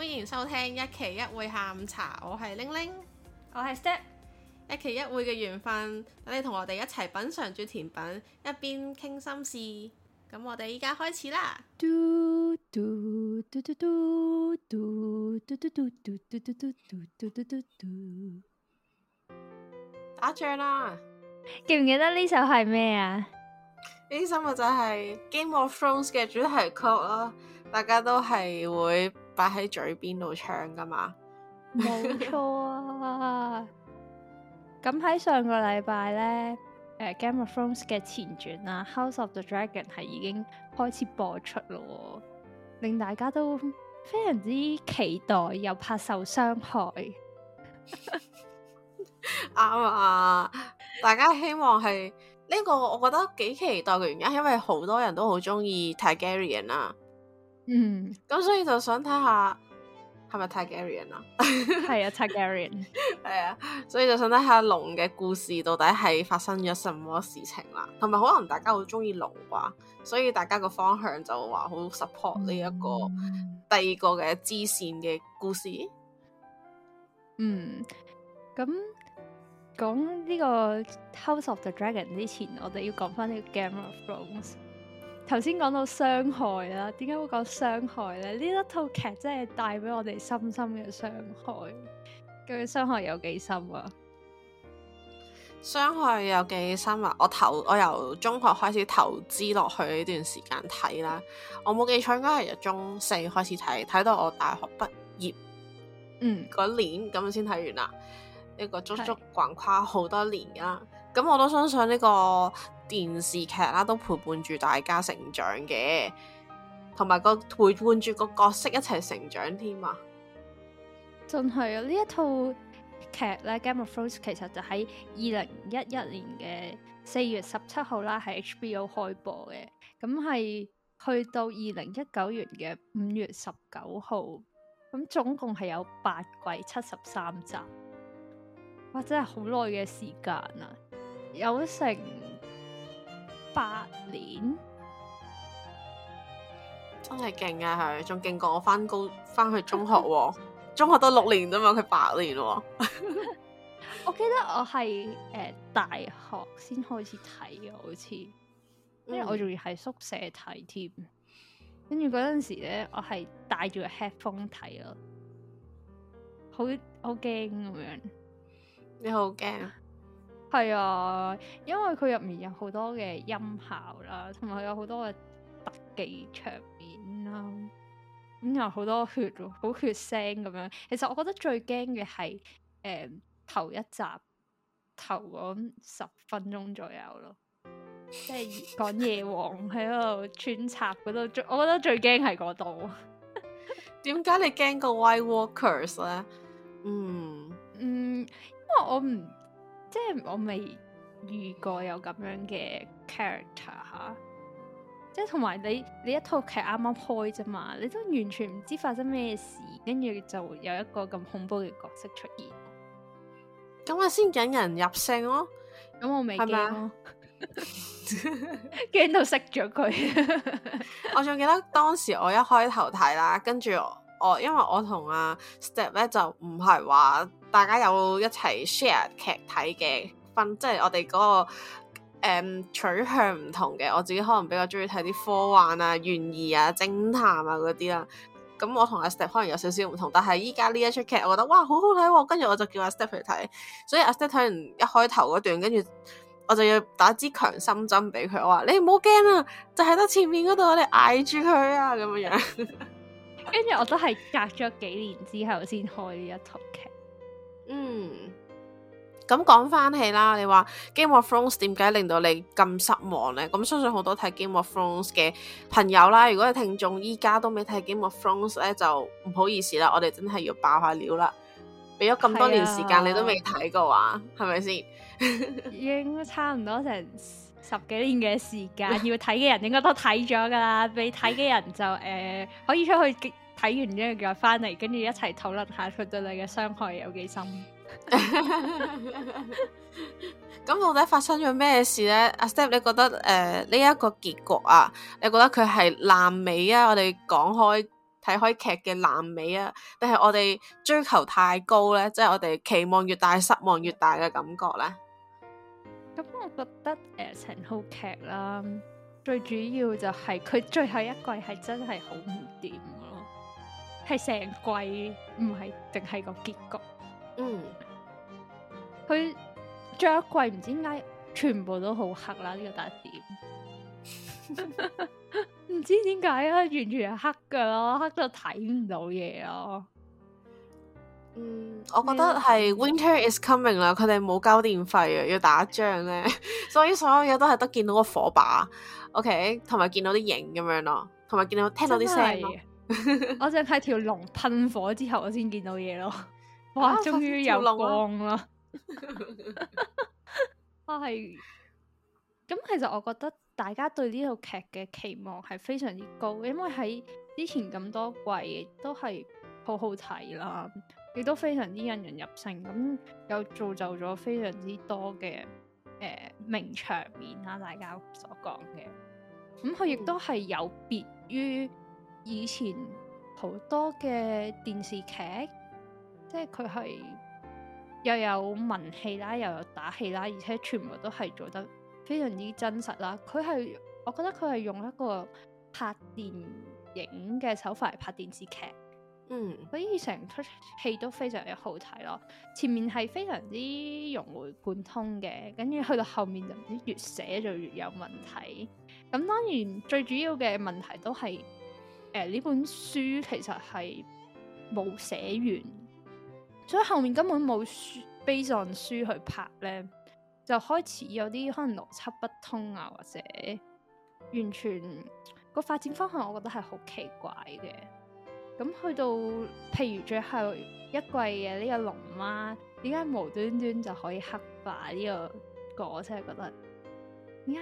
歡迎收聽一期一會下午茶，我係玲玲，我係是 Step，一期一會嘅緣分，等你同我哋一齊品嘗住甜品，一邊傾心事。咁我哋依家開始啦。嘟嘟嘟嘟嘟嘟嘟嘟嘟嘟嘟嘟嘟嘟嘟嘟嘟嘟，打仗啦！記唔記得呢首係咩啊？呢首咪就係《Game of Thrones》嘅主題曲咯，大家都係會。擺喺嘴邊度唱噶嘛，冇錯啊！咁喺上個禮拜咧，誒、uh,《Game of Thrones》嘅前傳啊《House of the Dragon》係已經開始播出咯，令大家都非常之期待又怕受傷害。啱 啊！ 大家希望係呢、這個，我覺得幾期待嘅原因，因為好多人都好中意《Targaryen》啊。嗯，咁，mm hmm. 所以就想睇下係咪 Targaryen 啊？係啊 Targaryen 係啊，所以就想睇下龍嘅故事到底係發生咗什麼事情啦，同埋可能大家好中意龍啩，所以大家個方向就話好 support 呢一個第二個嘅支線嘅故事。嗯，mm，咁講呢個、House、of the Dragon 之前，我哋要講翻呢個 Game of Thrones。頭先講到傷害啦，點解會講傷害咧？呢一套劇真係帶俾我哋深深嘅傷害，究竟傷害有幾深啊？傷害有幾深啊？我投我由中學開始投資落去呢段時間睇啦，我冇記錯應該係由中四開始睇，睇到我大學畢業，嗯，嗰年咁先睇完啦，呢個足足橫跨好多年啊，咁是我都相信呢個。電視劇啦、啊，都陪伴住大家成長嘅，同埋個陪伴住個角色一齊成長添啊！真係啊！呢一套劇咧，《Game of Thrones》其實就喺二零一一年嘅四月十七號啦，喺 HBO 開播嘅。咁係去到二零一九年嘅五月十九號，咁總共係有八季七十三集。哇！真係好耐嘅時間啊，有成～八年真係勁啊！佢仲勁過我翻高翻去中學， 中學都六年咋嘛？佢八年， 我記得我係誒、呃、大學先開始睇嘅，好似，因為、嗯、我仲要喺宿舍睇添，跟住嗰陣時咧，我係戴住個 headphone 睇咯，好好驚咁樣，你好驚啊！係啊，因為佢入面有好多嘅音效啦，同埋有好多嘅特技場面啦，咁又好多血咯，好血腥咁樣。其實我覺得最驚嘅係，誒、嗯，頭一集頭嗰十分鐘左右咯，即係講夜王喺度穿插嗰度， 我覺得最驚係嗰度。點解你驚個 White Walkers 咧？嗯嗯，因為我唔。即係我未遇過有咁樣嘅 character 吓，即係同埋你你一套劇啱啱開啫嘛，你都完全唔知發生咩事，跟住就有一個咁恐怖嘅角色出現。咁啊，先引人入勝咯。咁、嗯、我未驚是嗎 到識咗佢。 我仲記得當時我一開頭睇啦，跟住我我因為我同阿、啊、Step 咧就唔係話。大家有一齊 share 劇睇嘅分，即係我哋嗰、嗰個、嗯、取向唔同嘅。我自己可能比較中意睇啲科幻啊、懸疑啊、偵探啊嗰啲啦。咁我同阿 Step 可能有少少唔同，但係依家呢一出劇，我覺得哇好好睇喎！跟住我就叫阿 Step 去睇，所以阿 Step 睇完一開頭嗰段，跟住我就要打支強心針俾佢，我話你唔好驚啊，就喺、是、得前面嗰度，我哋捱住佢啊咁嘅樣。跟住 我都係隔咗幾年之後先開呢一套劇。嗯，咁講翻起啦，你話《Game of Thrones》點解令到你咁失望呢？咁相信好多睇《Game of Thrones》嘅朋友啦，如果係聽眾依家都未睇《Game of Thrones》咧，就唔好意思啦，我哋真係要爆下料啦！俾咗咁多年時間，啊、你都未睇過話，係咪先？已 該差唔多成十幾年嘅時間，要睇嘅人應該都睇咗噶啦，未睇嘅人就誒、 呃、可以出去。睇完之後再翻嚟，跟住一齊討論下佢對你嘅傷害有幾深。咁到底發生咗咩事呢？阿 Step，你覺得誒呢一個結局啊，你覺得佢係爛尾啊？我哋講開睇開劇嘅爛尾啊，定係我哋追求太高呢？即係我哋期望越大失望越大嘅感覺呢？咁、 嗯、我覺得誒，陳浩劇啦，最主要就係佢最後一季係真係好唔掂。係成季唔係淨係個結局，嗯，佢最後一季唔知點解全部都好黑啦，呢、這個特點，唔 知點解啊，完全係黑噶咯，黑到睇唔到嘢咯。嗯，我覺得係 Winter is coming 啦，佢哋冇交電費啊，要打仗咧， 所以所有嘢都係得見到個火把，OK，同埋見到啲影咁樣咯，同埋見到聽到啲聲。我淨係睇條龍噴火之後，我先見到嘢咯。哇，終於、啊、有光啦！我係咁，是其實我覺得大家對呢套劇嘅期望係非常之高，因為喺之前咁多季都係好好睇啦，亦都非常之引人入勝。咁又造就咗非常之多嘅誒、呃、名場面啦、啊，大家所講嘅。咁佢亦都係有別於。以前好多嘅電視劇，即係佢係又有文戲啦，又有打戲啦，而且全部都係做得非常之真實啦。佢係我覺得佢係用一個拍電影嘅手法嚟拍電視劇，嗯，所以成出戲都非常之好睇咯。前面係非常之融會貫通嘅，跟住去到後面就唔知越寫就越有問題。咁當然最主要嘅問題都係。誒，呢、呃、本書其實係冇寫完，所以後面根本冇書、悲狀書去拍咧，就開始有啲可能邏輯不通啊，或者完全、個發展方向，我覺得係好奇怪嘅。咁去到譬如最後一季嘅呢個龍媽、啊，點解無端端就可以黑化呢、這個？我真係覺得點解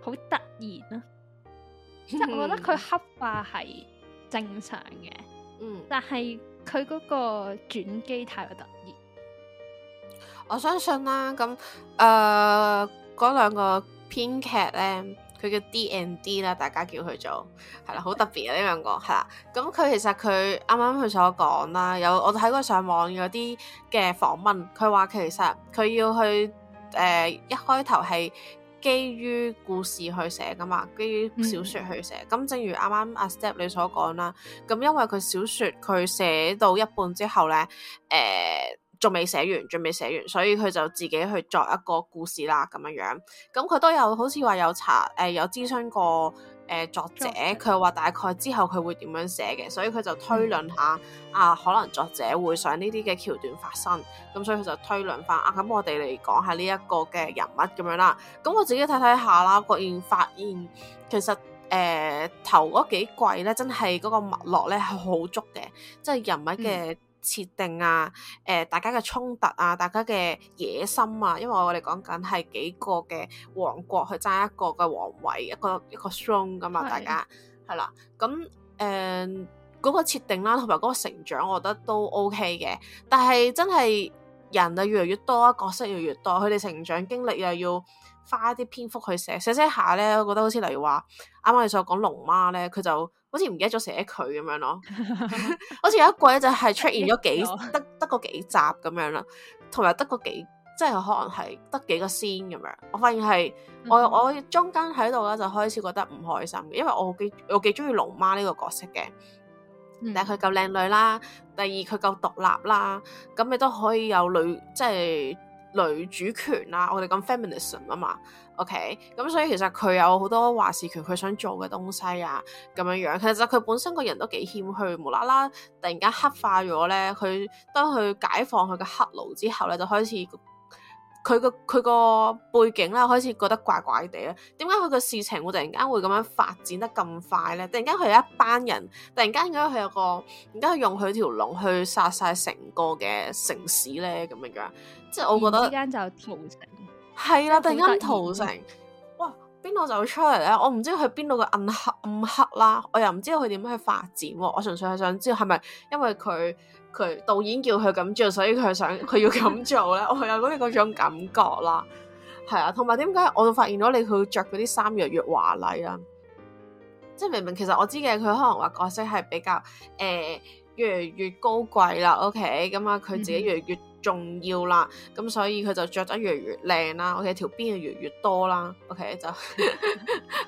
好突然啊！嗯、即係我覺得佢黑化係正常嘅，嗯，但係佢嗰個轉機太特別。我相信啦，咁誒嗰兩個編劇咧，佢叫 D and D 啦，大家叫佢做係啦，好特別啊。呢兩 個係啦。咁佢其實佢啱啱佢所講啦，有我睇過上網有啲嘅訪問，佢話其實佢要去誒、呃、一開頭係。基於故事去寫噶嘛，基於小説去寫。咁、mm hmm. 正如啱啱阿 Step 你所講啦，咁因為佢小説佢寫到一半之後咧，誒仲未寫完，仲未寫完，所以佢就自己去作一個故事啦咁樣樣。咁佢都有好似話有查誒、呃，有諮詢過。誒作者佢話大概之後佢會點樣寫嘅，所以佢就推論下、嗯、啊，可能作者會想呢啲嘅橋段發生，咁所以佢就推論返啊，咁我哋嚟講下呢一個嘅人物咁樣啦。咁我自己睇睇下啦，果然發現其實誒、呃、頭嗰幾季咧，真係嗰個脈絡咧係好足嘅，即係人物嘅、嗯。設定啊，誒、呃，大家嘅衝突啊，大家嘅野心啊，因為我哋講緊係幾個嘅王國去爭一個嘅王位，一個一個 throne 噶嘛，大家係啦，咁誒嗰個設定啦、啊，同埋嗰個成長，我覺得都 OK 嘅，但係真係人啊，越嚟越多，角色越嚟越多，佢哋成長經歷又要花啲篇幅去寫，寫寫下咧，我覺得好似例如話啱啱你所講龍媽咧，佢就。好似唔記得咗寫佢咁樣咯， 好似有一季就係出現咗幾 得得個幾集咁樣啦，同埋得個幾，即係可能係得幾個 scene 咁樣。我發現係、嗯、哼我我中間喺度咧就開始覺得唔開心，因為我幾我幾中意龍媽呢個角色嘅，但、嗯、第一佢夠靚女啦，第二佢夠獨立啦，咁你都可以有女即係女主權啦。我哋講 feminism 啊嘛。O K，咁所以其實佢有好多話事權，佢想做嘅東西啊，咁樣樣。其實佢本身個人都幾謙虛，無啦啦突然間黑化咗咧。佢當佢解放佢嘅黑奴之後咧，就開始佢個佢個背景咧，開始覺得怪怪地咧。點解佢嘅事情會突然間會咁樣發展得咁快咧？突然間佢有一班人，突然間點解佢有個，然家佢用佢條龍去殺晒成個嘅城市咧？咁樣樣，即係我覺得之間就造成。係啦，嗯、突然間屠城，哇！邊度就會出嚟咧？我唔知佢邊度嘅暗黑，暗黑啦，我又唔知道佢點樣去發展。我純粹係想知道係咪因為佢佢導演叫佢咁做，所以佢想佢要咁做咧？ 我有嗰啲種感覺啦，係啊。同埋點解我發現咗你佢着嗰啲衫越嚟越華麗啦？即係明明其實我知嘅，佢可能話角色係比較誒、呃、越嚟越，越高貴啦。OK，咁啊，佢自己越嚟越。重要啦，咁所以佢就着得越嚟越靚啦，OK，條辮就越嚟越多啦，OK 就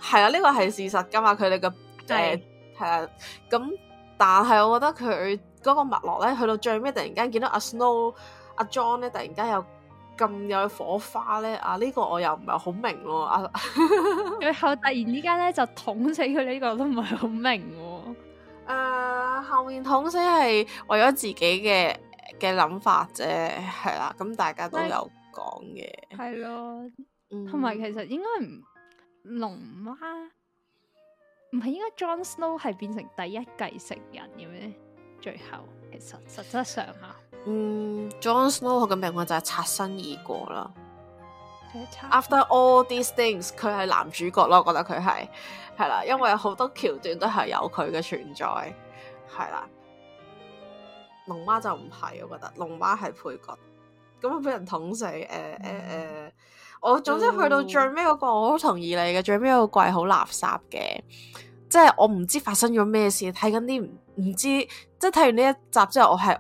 係 啊，呢個係事實噶嘛，佢哋嘅誒係啊，咁、呃對嗯、但係我覺得佢嗰個脈絡咧，去到最尾突然間見到阿 Snow 阿 John 咧，突然間又咁有火花咧，啊呢、這個我又唔係好明咯、哦，啊佢 後突然之間咧就捅死佢呢、這個都唔係好明、哦，誒、呃、後面捅死係為咗自己嘅。嘅諗法啫，係啦，咁大家都有講嘅，係咯的，同埋、嗯、其實應該唔龍媽，唔係應該 John Snow 係變成第一繼承人嘅咩？最後其實實質上吓、啊。嗯，John Snow 佢嘅命運就係擦身而過啦。過 After all these things，佢係男主角咯，我覺得佢係係啦，因為好多橋段都係有佢嘅存在，係啦。龍媽就唔係，我覺得龍媽係配角，咁啊俾人捅死。誒誒誒，呃呃嗯、我總之去到最尾嗰、那個，我好同意你嘅。最尾嗰個季好垃圾嘅，即係我唔知發生咗咩事。睇緊啲唔唔知，即係睇完呢一集之後，我係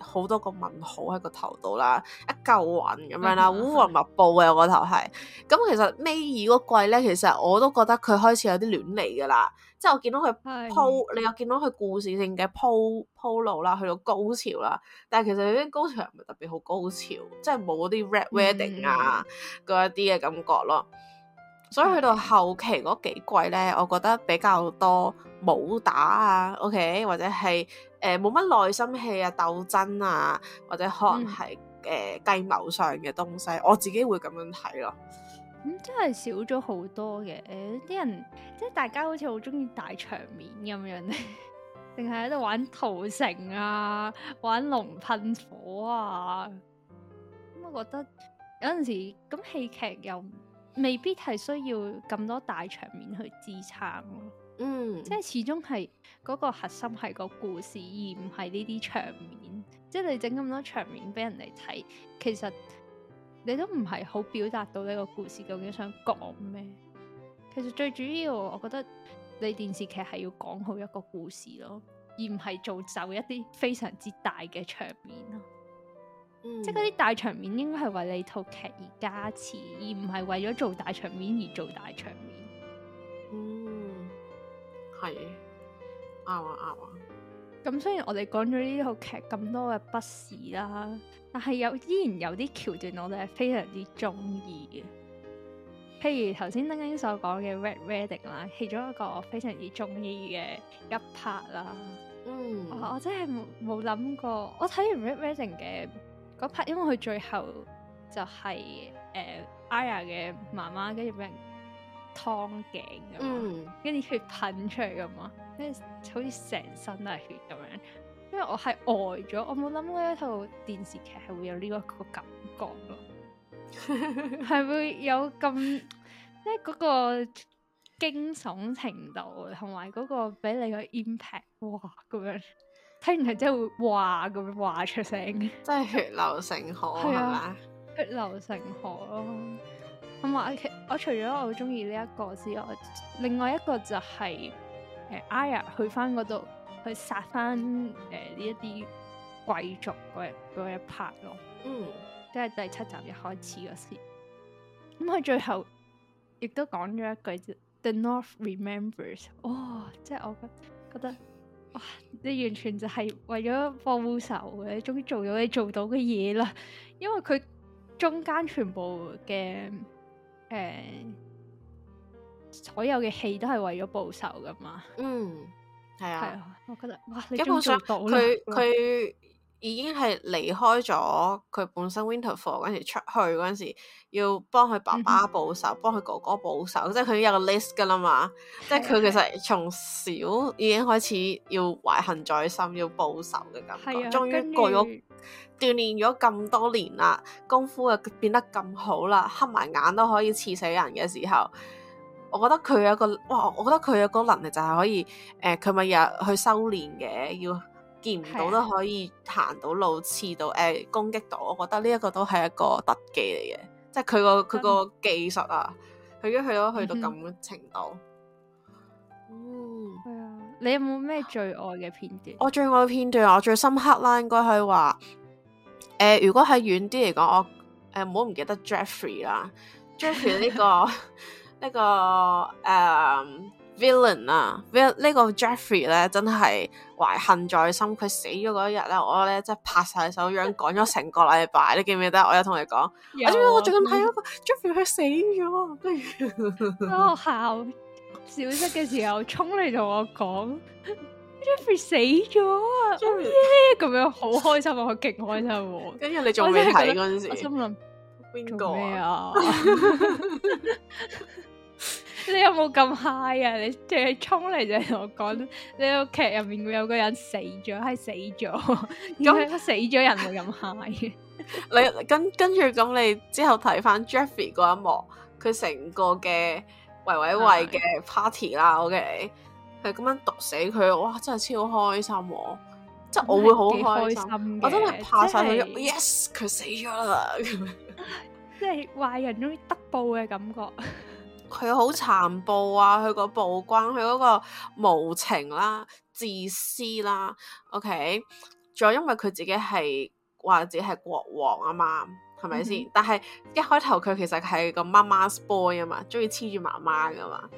好多個問號喺個頭度啦，一嚿雲咁樣啦，烏雲密布嘅我個頭係。咁、嗯嗯、其實尾二嗰季咧，其實我都覺得佢開始有啲亂嚟噶啦。即係我見到佢鋪的，你又見到佢故事性嘅鋪鋪路啦，去到高潮啦。但係其實嗰啲高潮唔係特別好高潮，即係冇啲 Red Wedding 啊、嗰、嗯、一啲嘅感覺咯。所以去到後期嗰幾季咧，我覺得比較多武打啊，OK，或者係誒冇乜內心戲啊、鬥爭啊，或者可能係誒計謀上嘅東西，我自己會咁樣睇咯。咁、嗯、真係少咗好多嘅，誒、欸、啲人即係大家好似好中意大場面咁樣咧，定係喺度玩屠城啊，玩龍噴火啊，咁我覺得有陣時咁戲劇又未必係需要咁多大場面去支撐咯。嗯，即係始終係嗰個核心係個故事，而唔係呢啲場面。即係你整咁多場面俾人哋睇，其實。你都唔係好表達到呢個故事究竟想講咩？其實最主要，我覺得你電視劇係要講好一個故事咯，而唔係造就一啲非常之大嘅場面咯。嗯，即係嗰啲大場面應該係為你套劇而加持，而唔係為咗做大場面而做大場面。嗯，係啱啊啱啊。啊啊咁雖然我哋講咗呢套劇咁多嘅筆史啦，但係有依然有啲橋段，我哋係非常之中意嘅。譬如頭先丁丁所講嘅《Red Wedding》啦，其中一個我非常之中意嘅一拍啦。嗯，我，我真係冇冇諗過，我睇完《Red Wedding》嘅嗰拍，因為佢最後就係、是、誒、呃、Aya 嘅媽媽跟住俾人劏頸咁樣，跟住血噴出嚟咁嘛，跟住好似成身都係血咁樣。因為我係呆咗，我冇諗過一套電視劇係會有呢一個感覺咯，係 會有咁即係嗰個驚悚程度，同埋嗰個俾你個 impact，哇咁樣，聽完真係會哇咁樣哇出聲，真係血流成河係嘛、 啊，血流成河咯。咁我、嗯、我除咗我中意呢一個之外，另外一個就係誒 Arya 去翻嗰度去殺翻誒呢一啲貴族嗰一一 part 咯，嗯，即係第七集一開始嗰時，咁、嗯、佢最後亦都講咗一句 The North remembers，哇、哦！即係我覺覺得哇，你完全就係為咗復仇嘅，終於做咗你做到嘅嘢啦，因為佢中間全部嘅。誒，uh, 所有嘅戲都係為咗報仇㗎嘛？嗯，係啊，係啊，我覺得哇，基本上佢佢。已經係離開咗佢本身 Winterfell 嗰陣時，出去嗰陣時要幫佢爸爸報仇，嗯、幫佢哥哥報仇，即係佢有個 list 噶啦嘛。啊、即係佢其實從小已經開始要懷恨在心，要報仇嘅感覺。啊、終於過咗後鍛煉咗咁多年啦，功夫又變得咁好啦，黑埋眼都可以刺死人嘅時候，我覺得佢有個哇，我覺得佢有個能力就係可以誒，佢咪又去修煉嘅，要。見唔到都可以行到路，刺到誒、欸，攻擊到，我覺得呢一個都係一個特技嚟嘅，即係佢個佢個技術啊，佢都去到去到咁嘅程度。嗯，係、哦、啊， 你有冇咩最愛嘅片段？我最愛嘅片段我最深刻啦，應該係話，誒、呃，如果喺遠啲嚟講，我誒唔好唔記得 Jeff Jeffrey 啦，Jeffrey 呢個呢、 這個誒。Um, Villain 啊，呢個 Jeffrey 咧真係懷恨在心。佢死咗嗰一日咧，我咧真係拍晒手掌，講咗成個禮拜。你記唔記得？我有同你講，我最近睇咗個 Jeffrey 佢死咗，不如喺學校小息嘅時候衝嚟同我講，Jeffrey 死咗啊！耶！咁樣好開心啊，佢勁開心。跟住你仲未睇嗰陣時，我心諗邊個啊。你有冇咁嗨 i 啊？你淨係沖嚟就同我講， 你個劇入面會有個人死咗，係死咗咁死咗人會咁嗨。 你跟跟住咁，你之後睇翻 Joffrey 嗰一幕，佢成個嘅維維維嘅 party 啦的，OK，係咁樣毒死佢，哇！真係超開心，啊，即係我會好開心，我真係怕晒佢是，yes，佢死咗啦， 即係壞人終於得報嘅感覺。 佢好殘暴啊！佢個暴君，佢嗰個無情啦、自私啦，OK。仲有因為佢自己係話自己係國王啊嘛，係咪先？嗯、但係一開頭佢其實係個媽媽 boy 啊嘛，鍾意黐住媽媽噶嘛。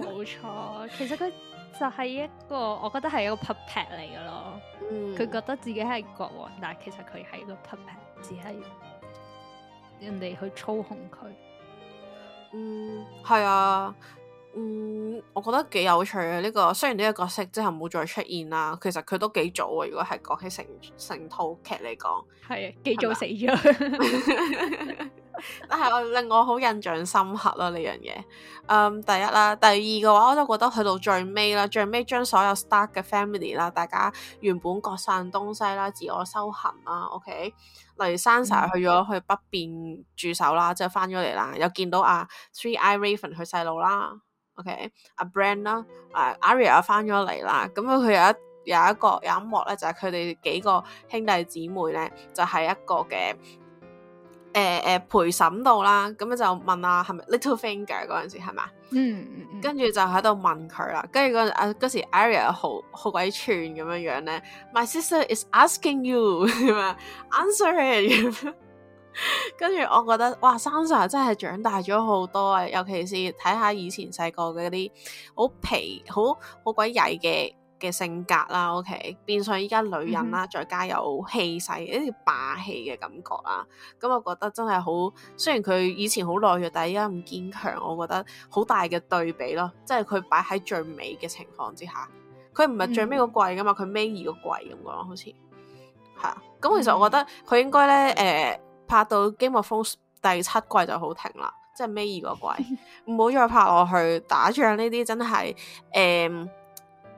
冇錯， 其實佢就係一個，我覺得係一個皮皮嚟嘅咯。佢、嗯、覺得自己係國王，但係其實佢係一個皮皮，只係人哋去操控佢。嗯，係啊，嗯，我覺得幾有趣啊。呢、呢個，雖然呢個角色之後冇再出現啦，其實佢都幾早啊。如果係講起成成套劇嚟講，係啊，幾早死咗吧。 但係我令我好印象深刻啦呢樣嘢， 嗯，第一啦，第二嘅話，我都覺得去到最尾啦，最尾將所有 Stark 嘅 family 啦，大家原本各散東西啦，自我修行啦，OK，例如 Sansa 去咗、嗯、去北邊駐守啦，即係翻咗嚟啦，又見到啊 Three Eye Raven 佢細佬啦，OK，阿 Bran 啦，誒 Arya 翻咗嚟啦，咁啊佢有一有一個有一幕咧，就係佢哋幾個兄弟姊妹咧，就係、是、一個嘅。誒誒、呃、陪審到啦，咁就問啊，係咪 Littlefinger 嗰陣時係嘛、嗯？嗯跟住就喺度問佢啦，跟住個啊嗰時 Arya 好好鬼串咁樣樣咧，My sister is asking you answer it。 跟住我覺得哇，Sansa 真係長大咗好多啊，尤其是睇下以前細個嗰啲好皮好好鬼曳嘅嘅性格啦，OK，變相依家女人啦，嗯、再加有氣勢，一啲霸氣嘅感覺啦。咁、嗯、我覺得真係好，雖然佢以前好懦弱，但係依家咁堅強，我覺得好大嘅對比咯。即係佢擺喺最美嘅情況之下，佢唔係最尾個季噶嘛，佢尾二個季咁講，好似係。咁其實我覺得佢應該咧，誒、呃，拍到《Game of Thrones》第七季就好停啦，即係尾二個季，唔好、嗯、再拍落去打仗呢啲真係誒。嗯嗯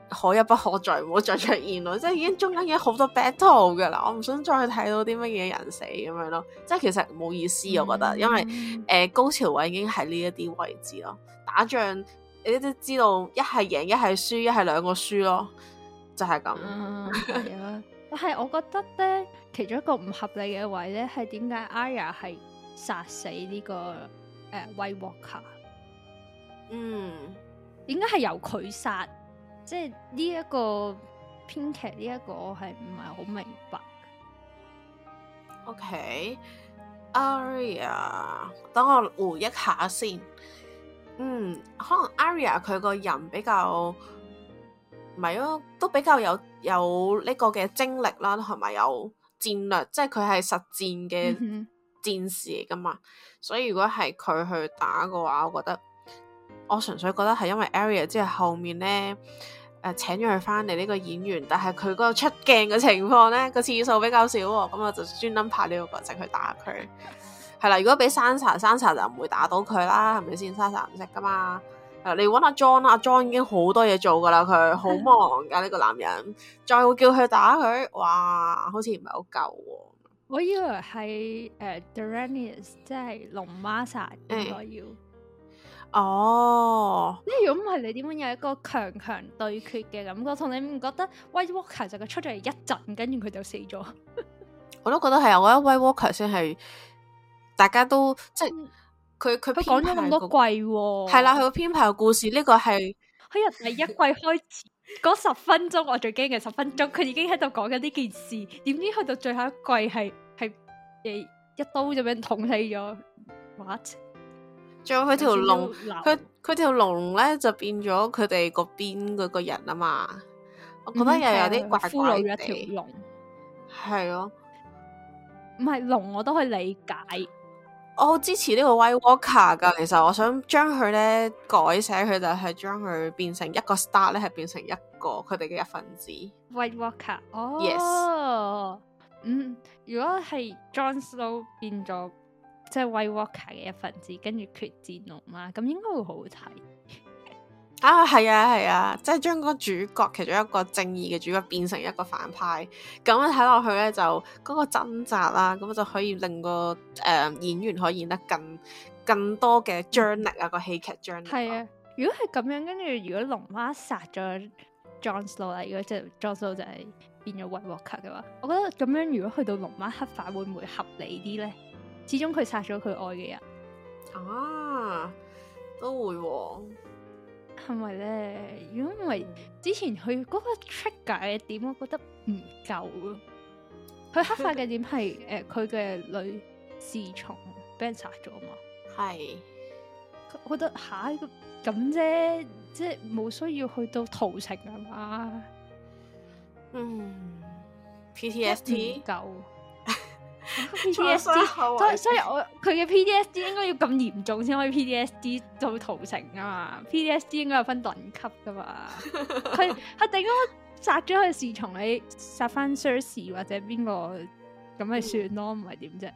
可一不可再，唔好再出現咯，即係已經中間已經好多 battle 噶啦，我唔想再睇到啲乜嘢人死咁樣咯，即係其實冇意思，嗯、我覺得，因為誒、呃、高潮位已經喺呢一啲位置咯，打仗你都知道一係贏一係輸一係兩個輸咯，就係、是、咁、嗯 啊。但係我覺得咧，其中一個唔合理嘅位咧，係點解 Arya 係殺死呢、這個誒、呃、White Walker 嗯，點解係由佢殺？即係呢一個編劇呢一個我係唔係好明白。OK，Aria，等我回憶一下先。嗯，可能 Aria 佢個人比較，咪咯，都比較有有呢個嘅精力啦，同埋有，有戰略，即係佢係實戰嘅戰士嚟噶嘛。 所以如果係佢去打嘅話，我覺得。我純粹覺得係因為 Arya 即係後面咧誒、呃、請咗佢翻嚟呢個演員，但係佢個出鏡嘅情況咧個次數比較少、哦，咁、嗯、我就專登派呢個角色去打佢。係啦，如果俾 Sansa Sansa 就唔會打到佢啦，係咪先？Sansa 唔識噶嘛。呃、你揾阿、啊、John 阿、啊、John 已經好多嘢做噶啦，佢好忙噶呢 個男人，再會叫佢打佢，哇，好似唔係好夠喎、啊。我以為係誒、uh, Daenerys 即係龍媽殺應該要、嗯。 哦，呢，如果唔係你點樣有一個強強對決嘅感覺？同你唔覺得 White Walker 就佢出咗嚟一陣，跟住佢就死咗。 我都覺得係啊，我覺得 White Walker 先係大家都、嗯、即係佢佢講咗咁多季、哦，係啦，佢個編排嘅故事呢、這個係喺人第一季開始嗰 十分鐘，我最驚嘅十分鐘，佢已經喺度講緊呢件事，點知去到最後一季係係誒一刀就俾人捅死咗，what？仲有佢條龍，佢佢條龍咧就變咗佢哋嗰邊嗰個人啊嘛，嗯、我覺得又有啲怪怪地，一條龍係咯，唔係龍我都可以理解。我好支持呢個 White Walker 噶，其實我想將佢咧改寫，佢就係將佢變成一個 Star 咧，係變成一個佢哋嘅一份子。White Walker，哦，Yes，嗯，如果係 John Snow 變咗。即係《White Walker》嘅一份子，跟住決戰龍媽，咁應該會好好睇啊！係啊，係啊，即係將嗰主角其中一個正義嘅主角變成一個反派，咁樣睇落去咧，就嗰個掙扎啦，咁就可以令個誒、呃、演員可以演得更更多嘅張力啊！個戲劇張力係啊！如果係咁樣，跟住如果龍媽殺咗 John Snow 啦，如果即係 John Snow 就係變咗 White Walker 嘅話，我覺得咁樣如果去到龍媽黑化，會唔會合理啲咧？始終佢殺咗佢愛嘅人啊，都會係咪咧？如果唔係，之前佢嗰個 trigger 點，我覺得唔夠咯。佢黑化嘅點係誒，佢嘅、 呃、女侍從俾人殺咗嘛？係是，我覺得下一吓咁啫，即係冇需要去到屠城啊嘛。嗯 PTSD 夠、嗯。PTSD? PTSD 所以所以我佢嘅 PTSD 應該要咁嚴重先可以 PTSD 做屠城啊嘛，PTSD 應該有分等級噶嘛，佢佢突然間，殺咗佢侍從，你殺翻 Sirius 或者邊個咁咪算咯，唔係點啫？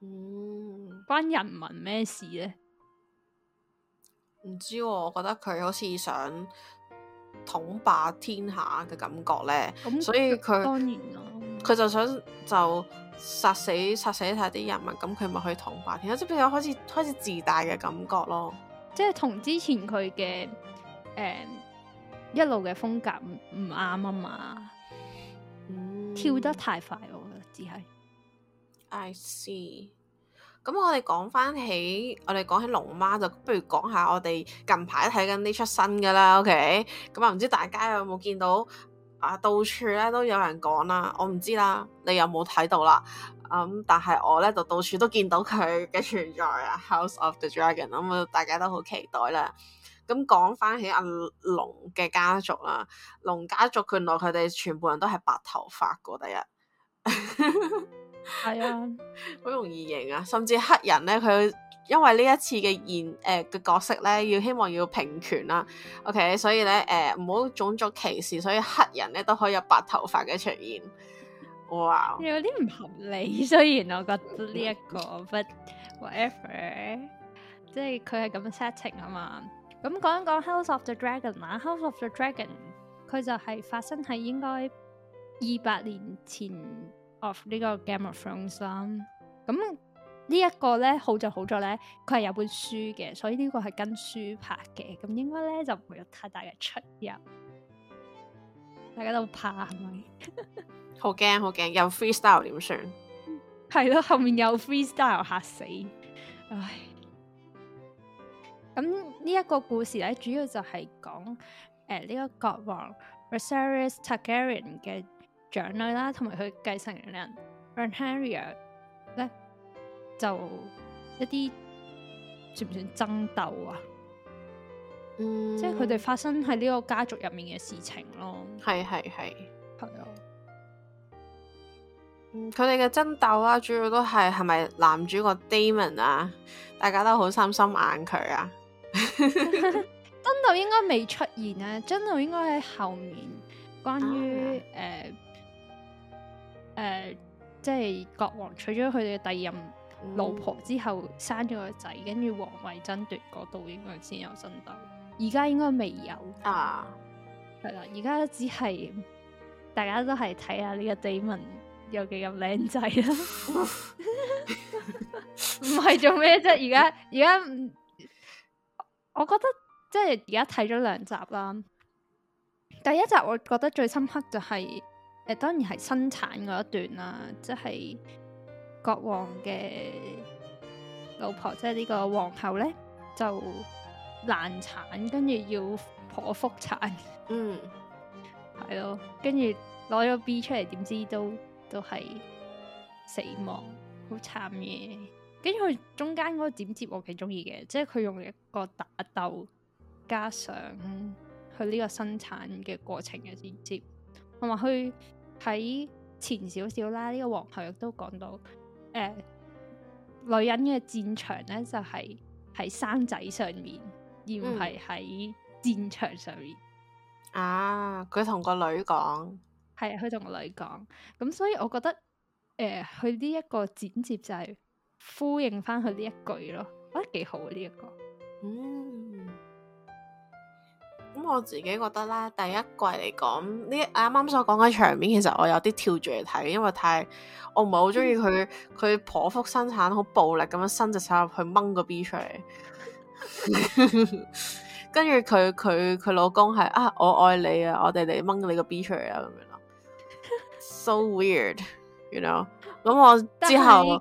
嗯，嗯，關人民咩事咧？唔知、哦、我覺得佢好似想統霸天下嘅感覺咧，嗯、所以佢。當然。佢就想就殺死殺死曬啲人民，咁佢咪去同化？點解即係變咗開始開始自大嘅感覺咯？即係同之前佢嘅誒一路嘅風格唔唔啱啊嘛！跳得太快、嗯是我，我覺得只係。I see。咁我哋講返起，我哋講起龍媽就不如講下我哋近排睇緊呢出新嘅啦，OK？咁啊，唔知大家有冇見到？啊！到處咧都有人講啦，我唔知啦，你有冇睇到啦？咁、嗯、但係我咧就到處都見到佢嘅存在啊，House of the Dragon、嗯。咁大家都好期待啦。咁講翻起阿龍嘅家族啦，龍家族原來佢哋全部人都係白頭髮嘅第一。 係啊，好 容易認啊，甚至黑人咧，佢因為呢一次嘅演誒嘅角色咧，要希望要平權啦、啊、OK，所以咧誒唔好種族歧視，所以黑人咧都可以有白頭髮嘅出現，哇、wow.！有啲唔合理，雖然我覺得呢、這、一個 ，but whatever，即係佢係咁 setting 啊嘛。咁講一講、啊、House of the Dragon 啦，House of the Dragon，佢就係發生喺應該二百年前。of 呢個 Game of Thrones 啦，咁、嗯這個、呢一個咧好就好在咧，佢係有本書嘅，所以呢個係跟書拍嘅，咁、嗯、應該咧就唔會有太大嘅出入。大家都怕係咪？ 好驚好驚，有 freestyle 點算？係咯、嗯，後面有 freestyle 嚇死，唉。咁呢一個故事咧，主要就係講誒呢、呃這個國王 Viserys Targaryen 嘅。長女啦，同埋佢繼承人，Rhaenyra 咧，就一啲算唔算爭鬥啊？嗯，即係佢哋發生喺呢個家族入面嘅事情咯。係係係，朋友。佢哋嘅爭鬥啦、啊，主要都係係咪男主角 Damon 啊？大家都好三心眼佢啊。 爭鬥應該未出現啊，爭鬥應該喺後面關於誒。嗯啊呃誒、呃，即係國王娶咗佢哋嘅第二任老婆之後，嗯、生咗個仔，跟住王位爭奪嗰度應該先有爭鬥。而家應該未有啊，係啦，而家只係大家都係睇下呢個 Demon 有幾咁靚仔啦。唔係做咩啫？而家而家，我覺得即係而家睇咗兩集啦。第一集我覺得最深刻就係。誒，當然係生產嗰一段啦，即係國王嘅老婆，即係呢個皇后咧，就難產，跟住要剖腹產，嗯，係 咯，跟住攞咗 B 出嚟，點知都都係死亡，好慘嘅。跟住佢中間嗰個剪接我幾中意嘅，即係佢用一個打鬥加上佢呢個生產嘅過程嘅剪接。同埋佢喺前少少啦，呢個皇后亦都講到，誒，女人嘅戰場咧就係喺生仔上面，嗯、而唔係喺戰場上面。啊！佢同個女講，係啊，佢同個女講，咁所以我覺得，誒，佢呢一個剪接，就係呼應翻佢呢一句咯，我覺得幾好呢一個。嗯。咁我自己覺得咧，第一季嚟講，呢啱啱所講嘅場面，其實我有啲跳住嚟睇，因為太，我唔係好中意佢，佢剖腹生產好暴力，咁樣伸隻手入去掹個 B 出嚟，跟住佢，佢佢老公係啊，我愛你啊，我哋嚟掹你個 B 出嚟啊咁樣咯，so weird，you know？咁我之後是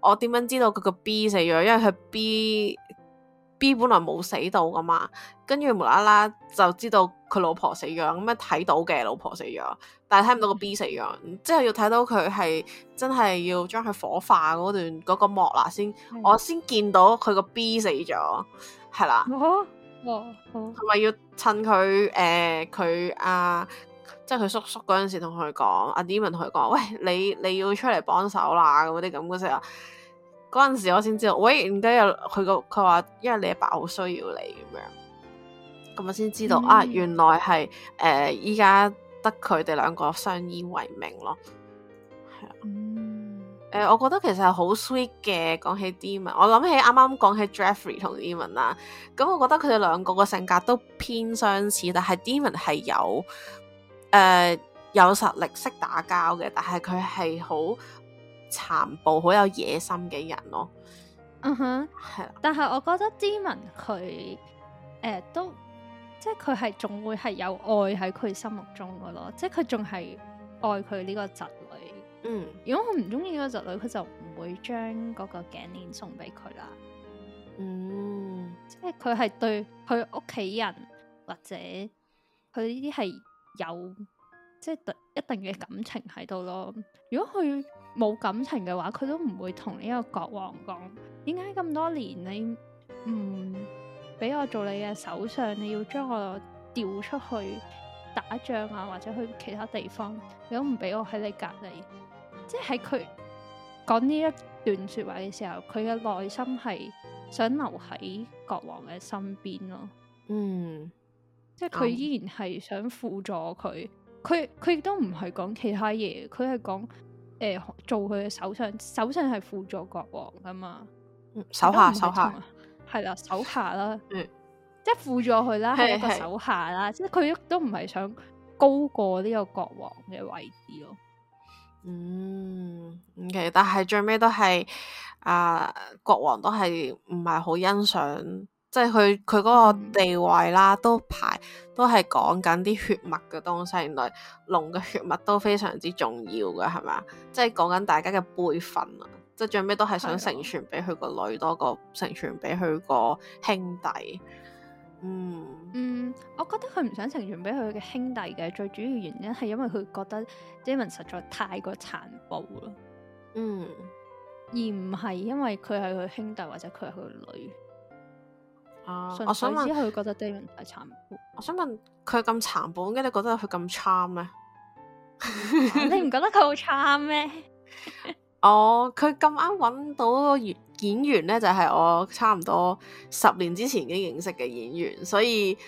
我點樣知道佢個 B 死咗？因為佢 B。B 本來冇死到噶嘛，跟住無啦啦就知道佢老婆死咗，咁一睇到嘅老婆死咗，但係睇唔到個 B 死咗，之後要睇到佢係真係要將佢火化嗰段嗰、嗰個幕啦先，嗯、我先見到佢個 B 死咗，係啦，哦哦、嗯，係、嗯、咪要趁佢誒佢啊，即係佢叔叔嗰陣時同佢講，阿、啊、Damon 同佢講，喂，你你要出嚟幫手啦咁啲咁嘅時候。嗰陣時我先知道，喂，點解？有佢個佢話，因為你阿爸好需要你咁樣，咁我先知道、嗯、啊，原來係誒依家得佢哋兩個相依為命咯，係啊，誒、嗯呃，我覺得其實好 sweet 嘅。講起 Daemon，我諗起啱啱講起 Joffrey 同 Daemon 啦，咁、嗯、我覺得佢哋兩個個性格都偏相似，但係 Daemon 係有誒、呃、有實力識打交嘅，但係佢係好。殘暴，好有野心嘅人咯，嗯哼、uh，係啦。但係我覺得 d 文佢誒都即係佢係仲會係有愛喺佢心目中噶咯，即係佢仲係愛佢呢個侄女。嗯，mm. 如果佢唔中意個侄女，佢就唔會將嗰個頸鏈送俾佢啦。嗯、mm.，即係佢係對佢屋企人或者佢呢啲係有即係特一定嘅感情喺度咯。如果佢。冇感情嘅話，佢都唔會同呢個國王講，點解咁多年你唔俾、嗯、我做你嘅首相？你要將我調出去打仗啊，或者去其他地方，你都唔俾我喺你隔籬。即係喺佢講呢一段說話嘅時候，佢嘅內心係想留喺國王嘅身邊咯。嗯，即係佢依然係想輔助佢。佢佢亦都唔係講其他嘢，佢係講。誒、呃，做佢嘅首相，首相係輔助國王噶嘛？手、嗯、下，手、啊、下係啦，手下啦，嗯，即係輔助佢啦，係係、一個手下啦，即係佢都唔係想高過呢個國王嘅位置咯。嗯，其實，但係最尾都係啊、呃，國王都係唔係好欣賞。即係佢佢嗰個地位啦，都排都係講緊啲血脈嘅東西，原來龍嘅血脈都非常之重要嘅，係咪？即係講緊大家嘅輩份啊！即係最尾都係想成全俾佢個女多過成全俾佢個兄弟。嗯嗯，我覺得佢唔想成全俾佢嘅兄弟嘅，最主要原因係因為佢覺得 Daemon 實在太過殘暴啦。嗯，而唔係因為佢係佢兄弟或者佢係佢女。.我想問佢覺得 Damian 殘酷。我想問佢咁 殘酷，咁你覺得佢咁 charm 咩？你唔覺得佢好 charm 咩？ 哦，佢咁啱揾到個演演員咧，就係、是、我差唔多十年之前已經認識嘅演員，所以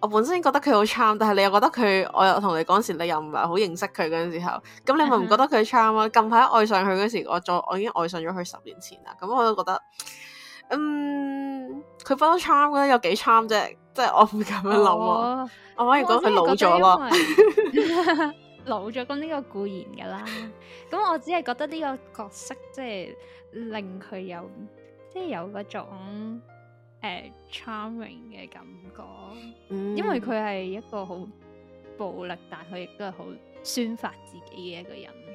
我本身覺得佢好 charm，但係你又覺得佢，我又同你講時，你又唔係好認識佢嗰陣時候，咁你咪唔覺得佢 charm 啊？近排、uh huh. 愛上佢嗰時，我再我已經愛上咗佢十年前啦，咁我都覺得。嗯，佢分都 charm 嘅有幾 charm 啫，即係我唔咁樣諗啊，我反而講佢老咗咯，老咗咁呢個固然㗎啦，咁 我只係覺得呢個角色即係令佢有即係、就是、有嗰種誒、呃、charming 嘅感覺，嗯、因為佢係一個好暴力，但佢亦都係好宣發自己嘅一個人。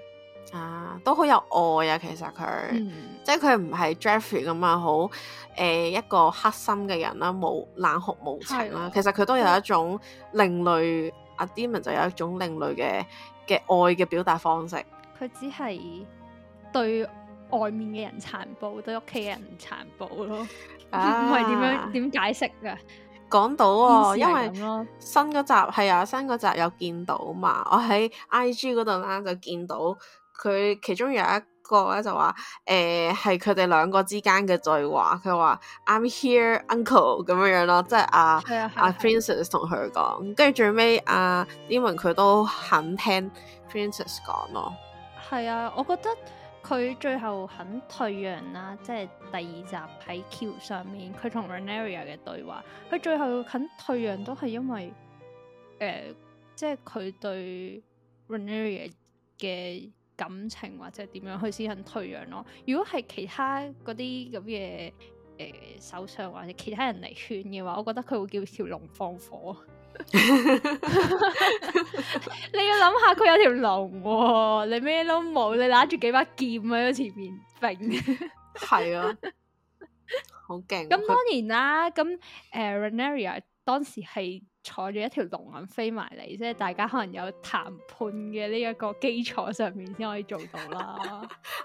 啊，都好有愛啊！其實佢，嗯、即係佢唔係 Joffrey 咁啊，好誒、呃、一個黑心嘅人啦，冇冷酷無情啦。嗯、其實佢都有一種另類，阿、嗯、Daemon 就有一種另類嘅嘅愛嘅表達方式。佢只係對外面嘅人殘暴，對屋企人唔殘暴咯。唔係點樣點解釋噶？講、啊、到啊，天事 因為新嗰集係啊，新嗰集，集有見到嘛，我喺 IG 嗰度啦就見到。佢其中有一個咧就話，誒係佢哋兩個之間嘅對話。佢話：I'm here, uncle 咁樣樣咯，即係阿阿 Princess 同佢講。跟住最尾阿英文佢都肯聽 Princess 講咯。係啊，我覺得佢最後肯退讓啦，即係第二集喺橋上面佢同 Renaria 嘅對話，佢最後肯退讓都係因為誒，即係佢對 Renaria 嘅感情或者點樣去先肯退讓咯？如果係其他嗰啲咁嘅誒首相或者其他人嚟勸嘅話，我覺得佢會叫條龍放火。你要諗下，佢有條龍，哦，你咩都冇，你拿住幾把劍喺前面並，係啊， 好勁，啊。咁當然啦，啊，咁誒、呃、Ranaria 當時係。坐住一條龍咁飛埋嚟，即係大家可能有談判嘅呢一個基礎上面先可以做到啦。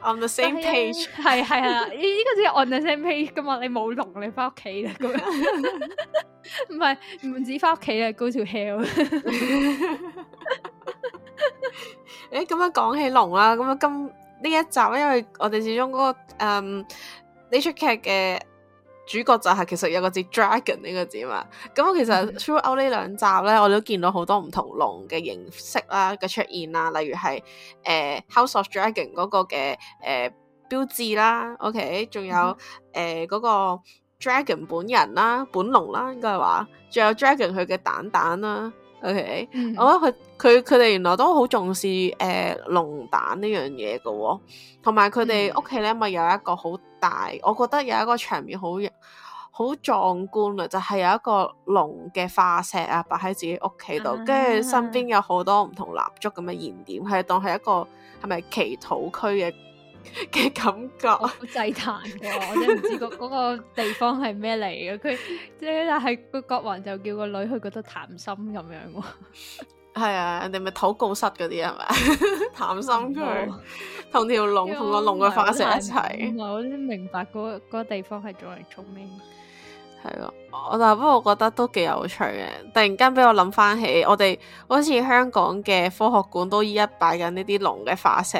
啊、 on the same page，係係啊，呢呢個先 on the same page 噶嘛，你冇龍你翻屋企啦，咁樣唔係唔止翻屋企啦，go to hell。 誒，咁樣講起龍啦，咁樣今呢一集，因為我哋始終嗰、嗰個誒呢出劇嘅。嗯主角就係其實有個字 dragon 呢個字嘛，咁、嗯、啊其實 through 歐呢兩集咧，我都見到好多唔同龍嘅形式啦、嘅出現啦，例如係誒、呃、House of Dragon 嗰個嘅誒、呃、標誌啦，OK，仲有誒嗰、嗯呃嗰個 dragon 本人啦、本龍啦，應該係話，仲有 dragon 佢嘅蛋蛋啦。O.K.， 我覺得佢佢佢哋原來都好重視誒、呃、龍蛋、哦、呢樣嘢嘅喎，同埋佢哋屋企咧咪有一個好大，我覺得有一個場面好好壯觀啦，就係、是、有一個龍嘅化石啊，擺喺自己屋企度，跟住 身邊有好多唔同蠟燭咁嘅燃點，係當係一個係咪祈禱區嘅？嘅感覺，好祭壇㗎，我真係唔知個嗰個地方係咩嚟嘅。佢即係係個國王就叫個女去嗰度談心咁樣喎。係啊，人哋咪禱告室嗰啲係咪談心？佢同條龍同、嗯哦、個龍嘅化石一齊。我先明白嗰、嗰個嗰個地方係做嚟做咩。係咯，我但不過我覺得都幾有趣嘅。突然間俾我諗翻起，我哋好似香港嘅科學館都依家擺緊呢啲龍嘅化石。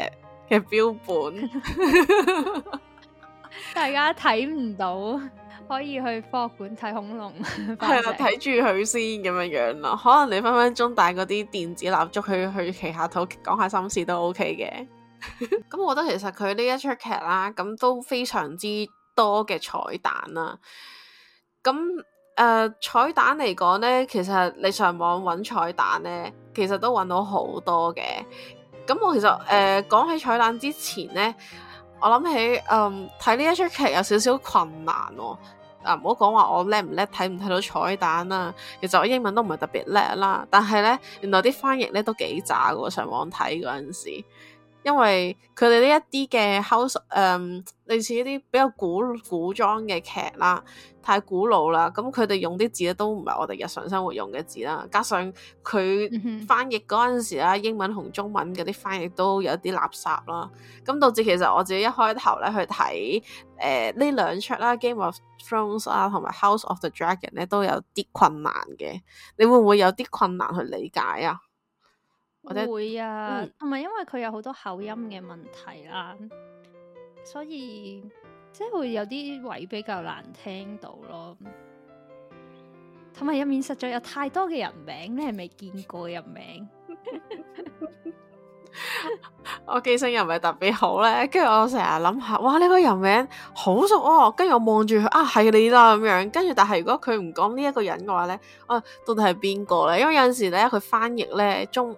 嘅標本， 大家睇唔到，可以去科學館睇恐龍，係 啦成，睇住佢先咁樣樣啦。可能你分分鐘帶嗰啲電子蠟燭去去旗下土講下心事都 OK 嘅。咁 我覺得其實佢呢一出劇啦，咁都非常之多嘅彩蛋啦、啊。咁誒、呃、彩蛋嚟講呢，其實你上網揾彩蛋呢，其實都揾到好多嘅。咁我其實誒、呃、講起彩蛋之前咧，我諗起嗯，睇呢一出劇有少少困難喎、哦。啊，唔好講話我叻唔叻睇唔睇到彩蛋啊。其實我英文都唔係特別叻啦，但係咧原來啲翻譯咧都幾渣喎。上網睇嗰陣時。因為佢哋呢一啲嘅 house，誒、呃、類似一啲比較古古裝嘅劇啦，太古老啦，咁佢哋用啲字咧都唔係我哋日常生活用嘅字啦，加上佢翻譯嗰陣時啦，嗯、哼英文同中文嗰啲翻譯都有啲垃圾啦，咁導致其實我自己一開頭咧去睇誒呢兩出啦、啊，《Game of Thrones》啊，同埋《House of the Dragon》咧都有啲困難嘅，你會唔會有啲困難去理解啊？會啊，同埋、嗯、因為佢有好多口音嘅問題啦，所以即係會有啲位比較難聽到咯。同埋入面實在有太多嘅人名，你係未見過人名， 我記性又唔係特別好咧。跟住我成日諗下，哇呢、這個人名好熟哦，跟住我望住佢啊係你啦咁樣。跟住但係如果佢唔講呢一個人嘅話咧，啊到底係邊個咧？因為有陣時咧佢翻譯咧中。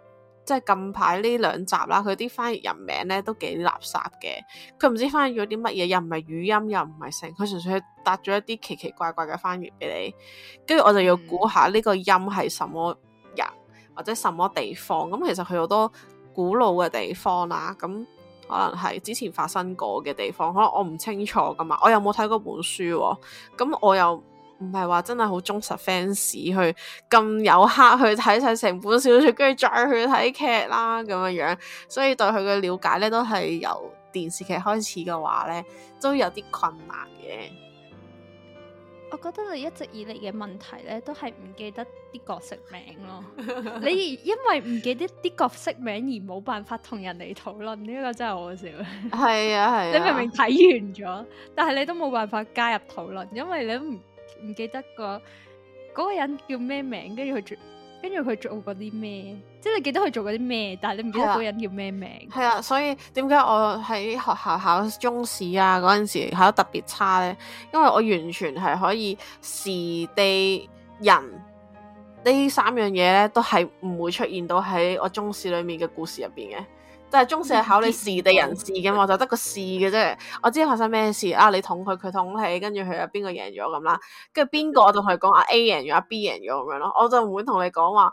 即係近排呢兩集啦，佢啲翻譯人名咧都幾垃圾嘅。佢唔知翻譯咗啲乜嘢，又唔係語音，又唔係成佢，純粹搭咗一啲奇奇怪怪嘅翻譯俾你，跟住我就要估下呢個音係什麼人或者什麼地方。咁、嗯嗯嗯、其實佢好多古老嘅地方啦，咁、嗯、可能係之前發生過嘅地方，可能我唔清楚噶嘛，我又冇睇過本書喎，咁、嗯、我又。唔係話真係好忠實 fans 去咁有刻去睇晒成本小說，跟住再去睇劇啦咁樣樣，所以對佢嘅了解咧都係由電視劇開始嘅話咧，都有啲困難嘅。我覺得你一直以嚟嘅問題咧，都係唔記得啲角色名咯。 你因為唔記得啲角色名而冇辦法同人哋討論，呢、這個真係好笑。係啊係啊，啊啊你明明睇完咗，但係你都冇辦法加入討論，因為你都唔。唔記得個嗰個人叫咩名，跟住佢做，跟住佢做嗰啲咩？即係你記得佢做嗰啲咩，但係你唔記得嗰個人叫咩名。係啊了樣，所以點解我喺學校考中史啊嗰陣時考得特別差咧？因為我完全係可以時地人呢三樣嘢咧，都係唔會出現到喺我中史裡面嘅故事入邊嘅。但係中試係考你時地人事嘅嘛，我就得個事嘅啫。我知道發生咩事啊。你捅佢，佢捅你，跟住佢啊邊個贏咗咁啦？跟住邊個我就同佢講啊 A 贏咗，啊 B 贏咗咁樣咯。我就唔會同你講話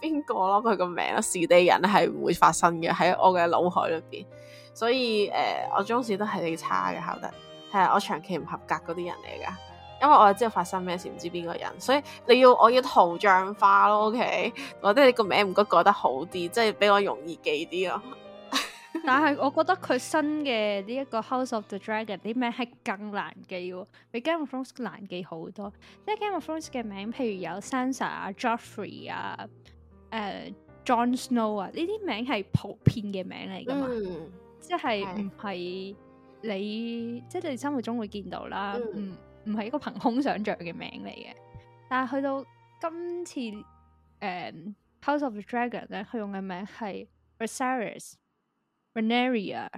邊個咯，佢 個名咯，時地人係唔會發生嘅喺我嘅腦海裏邊。所以誒、呃，我中試都係幾差嘅考得，係啊，我長期唔合格嗰啲人嚟噶。因為我又知道發生咩事，唔知邊個人，所以你要我要圖像化咯，OK？我覺得你個名唔該改得好啲，即係比我容易記啲咯。 但係我覺得佢新嘅呢一個 House of the Dragon 啲名係更難記喎，比 Game of Thrones 難記好多。即係 Game of Thrones 嘅名，譬如有 Sansa 啊、Joffrey 啊、誒、啊、John Snow 啊，呢啲名係普遍嘅名嚟㗎嘛，嗯、即係唔係你、嗯、即係你生活中會見到啦，嗯。嗯唔係一個憑空想象嘅名嚟嘅，但係去到今次誒 um，《House of the Dragon》咧，佢用嘅名係 Rosarius Renaria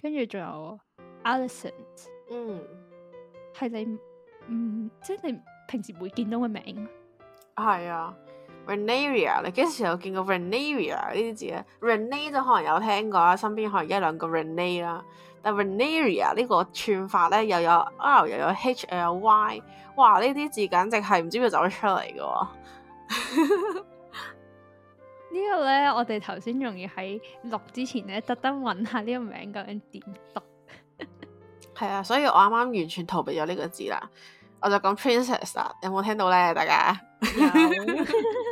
跟住仲有 Alicent，嗯，係你，嗯，即係你平時唔會見到嘅名，係啊。Rhaenyra，你幾時有見過 Rhaenyra 呢啲字咧、啊？Rene 都可能有聽過啊，身邊可能一兩個 Rene 啦，但 Rhaenyra 呢個串法咧又有 R 又有，有 H 又有，有 Y，哇！呢啲字簡直係唔知佢走咗出嚟嘅、啊。 個呢個咧，我哋頭先仲要喺錄之前咧，特登揾下呢個名究竟點讀。係 啊，所以我啱啱完全逃避咗呢個字啦，我就講 Princess，有冇聽到咧，大家？有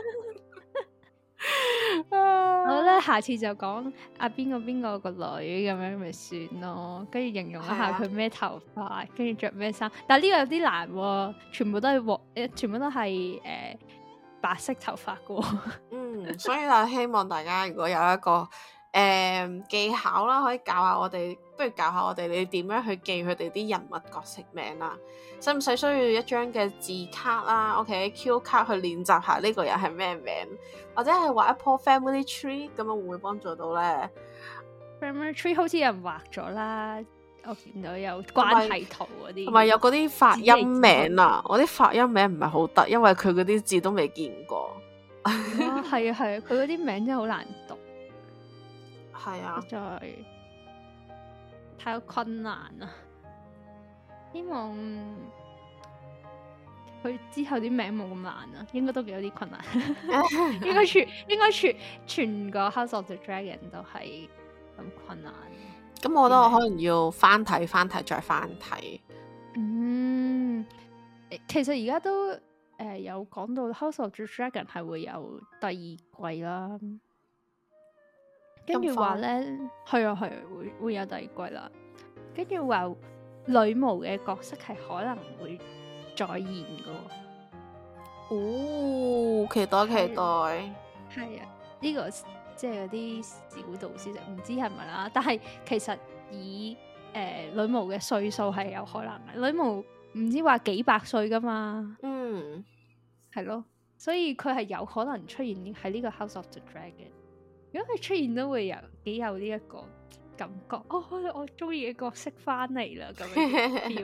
啊、我咧下次就講阿邊個邊個個女咁樣咪算咯，跟住形容一下佢咩頭髮，跟住着咩衫。但呢個有啲難、哦，全部都係、呃、全部都係誒、呃、白色頭髮噶、哦。嗯，所以就 希望大家如果有一個。誒、嗯、技巧啦，可以教下我哋，不如教下我哋你點樣去記佢哋啲人物角色名啦、啊？使唔使需要一張嘅字卡啦？OK，Q 卡去練習下呢個人係咩名，或者係畫一棵 family tree，咁樣會唔會幫助到咧？Family tree 好似有人畫咗啦，我見到有關係圖嗰啲，同埋有嗰啲發音名啊，知知我啲發音名唔係好得，因為佢嗰啲字都未見過。係啊係啊，佢嗰啲名真係好難讀。係啊，就係太有困難啊。希望佢之後啲名冇咁難啊，應該都幾有啲困難。應該全應該全全個 House of the Dragon 都係咁困難。咁我覺得我可能要翻睇、嗯、翻睇再翻睇。嗯，其實而家都誒、呃、有講到 House of the Dragon 係會有第二季啦。跟住話咧，去啊去，會會有第二季啦。跟住話女巫嘅角色係可能會再現噶。哦，期待期待。係啊，呢、這個即係嗰啲小道消息，唔知係咪啦。但係其實以誒、呃、女巫嘅歲數係有可能嘅，女巫唔知話幾百歲噶嘛。嗯，係咯，所以佢係有可能出現喺呢個 House of the Dragon。如果佢出現，都會有幾有呢一個感覺，哦，我中意嘅角色翻嚟啦，咁樣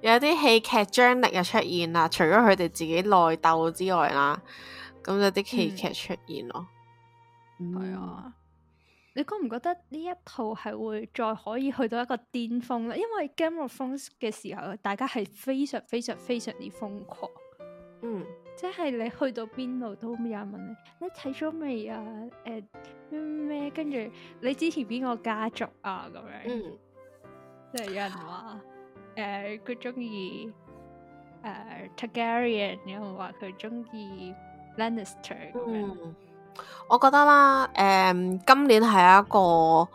有啲戲劇張力嘅出現啦，除咗佢哋自己內鬥之外啦，咁就啲喜劇出現咯。係啊、嗯嗯，你覺唔覺得呢一套係會再可以去到一個巔峰咧？因為 Game of Thrones 嘅時候，大家係非常非常非常之瘋狂，嗯。即係你去到邊度都有人問你，你睇咗未啊？誒咩咩？跟住你支持邊個家族啊？咁樣，嗯、即係有人話，誒佢中意誒 Targaryen，有人話佢中意 Lannister。咁樣。嗯，我覺得啦，誒、呃、今年係一個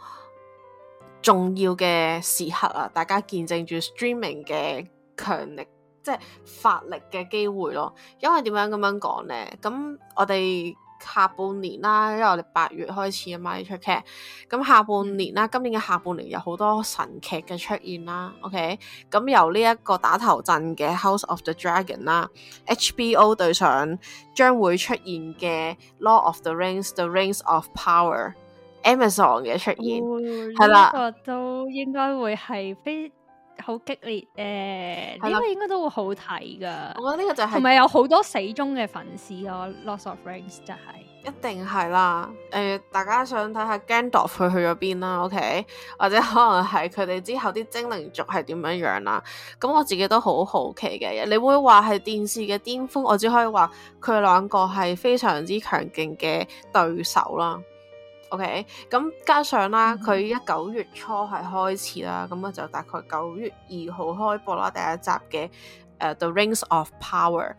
重要嘅時刻啊，大家見證住 streaming 嘅強力。即係發力嘅機會咯，因為點樣咁樣講呢？咁我哋下半年啦，因為我哋八月開始啊嘛呢出劇，咁下半年啦，嗯、今年嘅下半年有好多神劇嘅出現啦。OK，咁由呢一個打頭陣嘅 House of the Dragon 啦，HBO 對上將會出現嘅 Lord of the Rings，The Rings of Power，Amazon 嘅出現，係啦會，吧個都應該會係非。好激烈，誒、欸，呢個應該都會好睇噶。我覺得呢個就係係咪有好多死忠嘅粉絲咯。啊、Lord of the Rings 就係一定係啦。誒、呃，大家想睇下 Gandalf 去去咗邊啦？OK，或者可能係佢哋之後啲精靈族係點樣樣啦？咁我自己都好好奇嘅。你會話係電視嘅巔峰？我只可以話佢兩個係非常之強勁嘅對手啦。OK，咁加上啦，佢一九月初係開始啦，咁啊就大概九月二號開播啦，第一集嘅，誒、uh, The Rings of Power，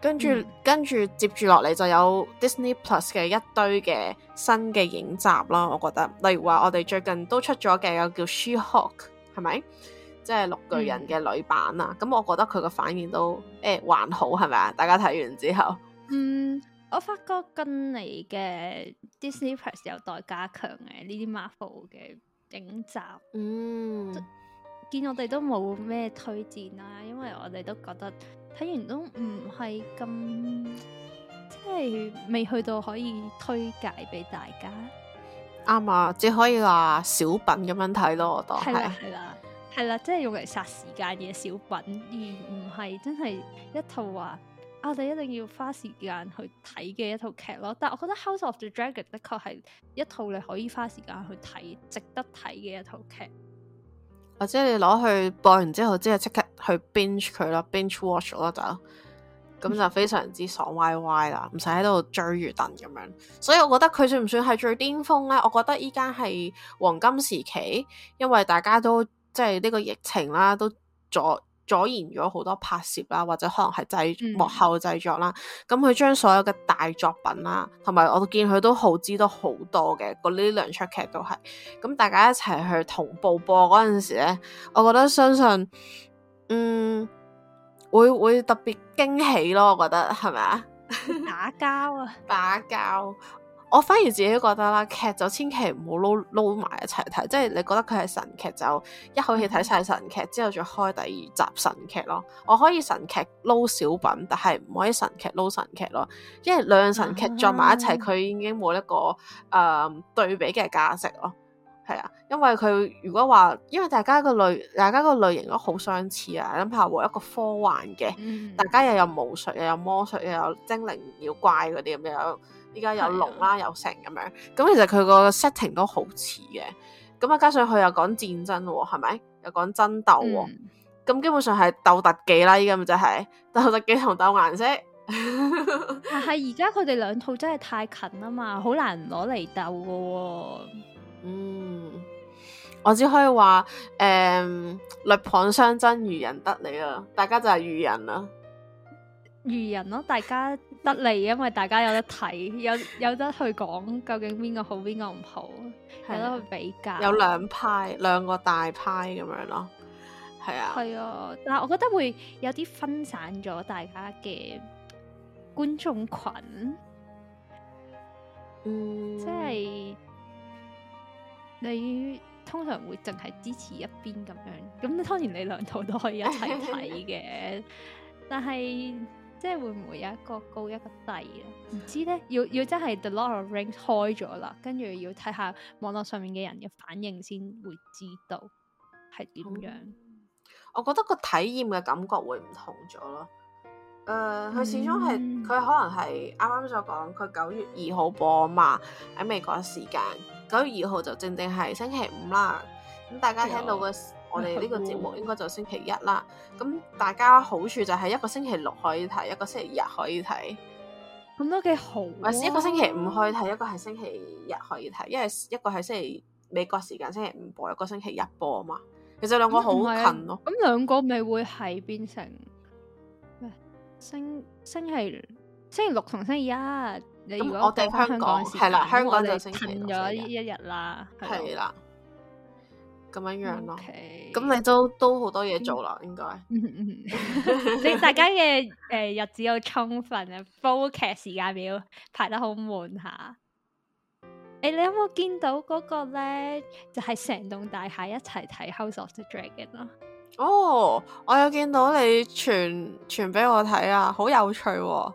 跟住、嗯、跟住接住落嚟就有 Disney Plus 嘅一堆嘅新嘅影集啦，我覺得，例如話我哋最近都出咗嘅有叫 She-Hulk，係咪？即係綠巨人嘅女版啊，咁、嗯、我覺得佢個反應都誒、欸、還好，係咪啊？大家睇完之後，嗯。我發覺近嚟嘅 Disney Plus 有待加強嘅呢啲 Marvel 嘅影集，嗯，見我哋都冇咩推薦啦、啊，因為我哋都覺得睇完都唔係咁，即、就、係、是、未去到可以推介俾大家。啱啊，只可以話小品咁樣睇咯，我當係啦係啦係啦，即係、就是、用嚟殺時間嘅小品，而唔係真係一套話、啊。我哋、啊、一定要花時間去睇嘅一套劇咯，但係我覺得 House of the Dragon 的確係一套你可以花時間去睇、值得睇嘅一套劇。或者你攞去播完之後，之後即刻去 binge 佢咯，binge watch 咯就，咁、嗯、就非常之爽歪歪啦，唔使喺度追魚等咁樣。所以我覺得佢算唔算係最巔峰咧？我覺得依家係黃金時期，因為大家都即係呢個疫情啦，都阻。阻延咗好多拍攝啦，或者可能係製、嗯、幕後製作啦。咁佢將所有嘅大作品啦，同埋我見佢都耗資得好多嘅，嗰呢兩出劇都係。咁大家一齊去同步播嗰陣時咧，我覺得相信，嗯，會會特別驚喜咯。我覺得係咪 啊？打交啊！打交。我反而自己都覺得啦，劇就千祈唔好撈撈埋一齊睇，即係你覺得佢係神劇就，一口氣睇晒神劇之後再開第二集神劇咯。我可以神劇撈小品，但係唔可以神劇撈神劇咯，因為兩樣神劇撞埋一齊，佢已經冇一個誒、呃、對比嘅價值咯。係啊，因為佢如果話，因為大家個類，大家個類型都好相似啊，諗下喎一個科幻嘅，嗯、大家又有巫術又有魔術又有，有精靈妖怪嗰啲咁樣。依家有龍啦的、哦，有城咁樣，咁其實佢個 setting 都好似嘅。咁啊加上佢又講戰爭喎，係咪？又講爭鬥喎，咁基本上係鬥特技啦，依家咪就係、是、鬥特技同鬥顏色。 但係而家佢哋兩套真係太近啊嘛，好難攞嚟鬥噶。嗯，我只可以話誒、鷸、嗯、蚌相爭，漁人得利啊！大家就係漁人啦，漁人咯、哦，大家。 得嚟，因為大家有得睇， 有有得去講究竟邊個好，好，邊個唔好，有得去比較。有兩派，兩個大派咁樣咯，係啊。係啊、嗯，嗱，我覺得會有啲分散咗大家嘅觀眾群。嗯，即係你通常會淨係支持一邊咁樣。咁當然你兩套都可以一齊睇嘅， 但係。即係會唔會有一個高一個低咧？唔知咧，要要真係 The Lord of Rings 開咗啦，跟住要睇下網絡上面嘅人嘅反應先會知道係點樣。我覺得個體驗嘅感覺會唔同咗咯。誒、呃，佢始終係佢可能係啱啱所講，佢九月二號播嘛，喺美國時間九月二號就正正係星期五啦。咁大家聽到嘅。我哋呢個節目應該就星期一啦，咁大家好處就係一個星期六可以睇，一個星期日可以睇，咁都幾好。唔係，一個星期五可以睇，一個係星期日可以睇，因為一個係星期美國時間星期五播，一個星期日播嘛，其實兩個好近囉。咁兩個咪會係變成，星星期星期六同星期一。你如果講香港係啦，香港就星期咗一日啦，係啦。咁樣樣咯，咁 Okay. 你都都好多嘢做啦，應該。你大家嘅誒、呃、日子好充分啊，煲劇時間表排得好滿下誒、欸，你有冇見到嗰個咧？就係成棟大廈一齊睇《House of the Dragon》咯、啊。哦，oh, 我有見到你傳傳俾我睇啊，好有趣、啊。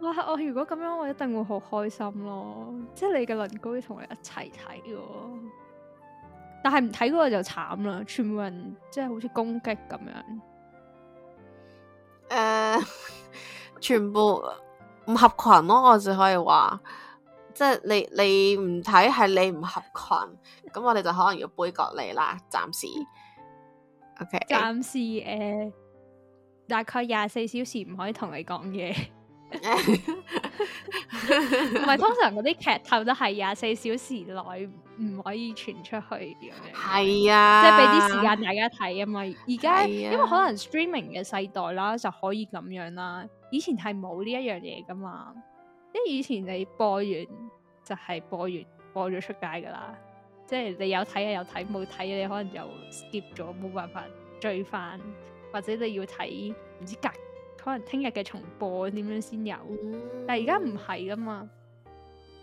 哇！我如果咁樣，我一定會好開心咯。即係你嘅鄰居同你一齊睇、啊。但係唔睇嗰個就慘啦，全部人即係好似攻擊咁樣，誒，uh, 全部唔合群咯，我只可以話，即係你你唔睇係你唔合群，咁 我哋就可能要杯葛你啦，暫時，OK，暫時誒，uh, 大概廿四小時唔可以同你講嘢。 唔係 通常嗰啲劇透都係廿四小時內唔可以傳出去，係啊，即係俾啲時間大家睇啊嘛。而家因為可能 streaming 嘅世代啦，就可以咁樣啦。以前係冇呢一樣嘢噶嘛，即係以前你播完就係播完，播咗出街噶啦，即係你有睇啊有睇，冇睇你可能就 skip 咗，冇辦法追翻，或者你要睇唔知隔。格格可能聽日嘅重播點樣先有，但係而家唔係噶嘛。